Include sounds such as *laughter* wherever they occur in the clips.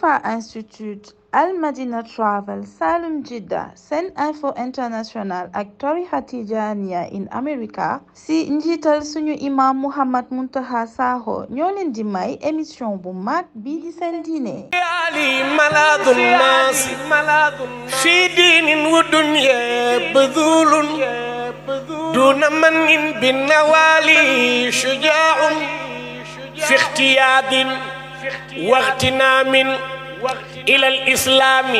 ITFA institute al madina travel salum jidda sen info international ak tarixa tijaniya in america si njiital suñu imam muhammad muntaha sakho ñoo leen di may émission bu mag bii di seen diine ali maladu nas fi diinin wa dunya badulun duna manin bi nawali shujaun fi ixtiyadin واغتنا من إلى الإسلام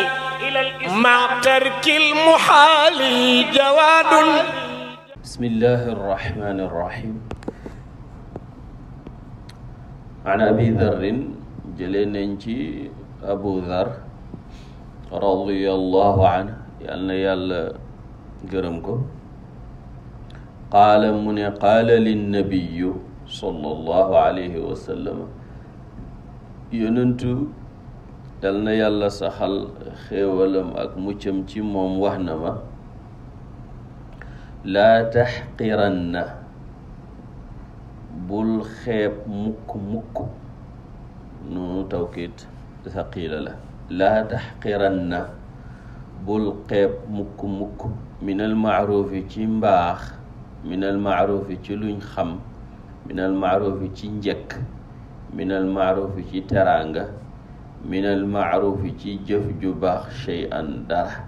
مع ترك المحال جواد بسم الله الرحمن الرحيم عن أبي ذر جليننجي أبو ذر رضي الله عنه يالنا يالا جرمكو قال من قال للنبي صلى الله عليه وسلم yonentu dal na yàlla saxal xéewalam ak muccam ci moom wax na ma laa taxqiranna bul xeeb mukk mukk noonu tawkiit saqiila la laa taxqiranna bul xeeb mukk mukk minal maaruufi ci mbaax minal maaruufi ci luñ xam minal maaruufi ci njëkk minal maarufi ci teraanga minal maarufi ci jëf ju baax shay'an dara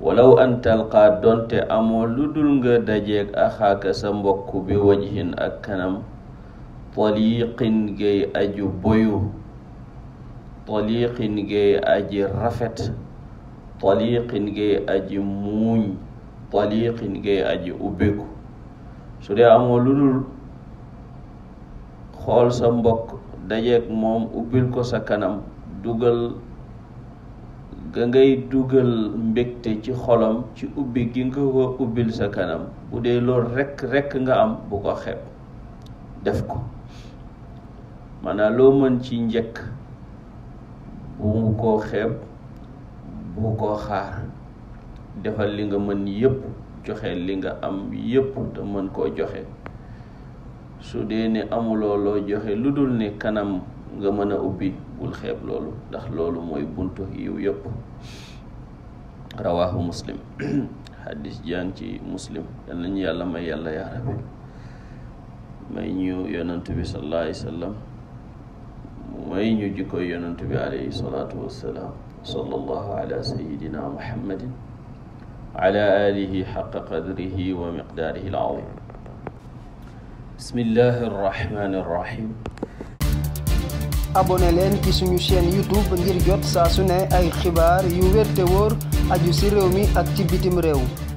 walaw an talqaa donte amoo ludul nga dajeeg axaaka sa mbokk bi wajhin ak kanam taliqin gay aju boyu taliqin gay aji rafet taliqin gay aji muuñ taliqin gay aji ubbeku su dee amoo xool sa mbokk dajeeg moom ubbil ko sa kanam dugal ga ngay dugal mbégte ci xolam ci ubbi gi nga ko ubbil sa kanam bu dee lool rekk rekk nga am bu ko xeeb def ko maanaam loo mën ci njëkk bu ko xeeb bu ko xaar defal li nga mën yépp joxe li nga am yépp te mën koo joxe su dee ne amuloo loo joxe lu dul ne kanam nga mën a ubbi bul xeeb loolu ndax loolu mooy buntu yiw yëpp rawaahu muslim xadis *clears throat* jaan ci muslim yal nañu yàlla may yàlla yaa rabbi may bi sallallahu alayhi wa sallam may ñu jikkoy yonent bi alayhi salaatu wassalaam sallallahu ala sayyidina muhammadin ala alihi xaqa qadrihi wa miqdaarihi al-azim bismillahi irrahmani irrahim abonné leen ci suñu chaîne youtube ngir jot saa su ne ay xibaar yu wér te wóor aju si réew mi ak ci bitim réew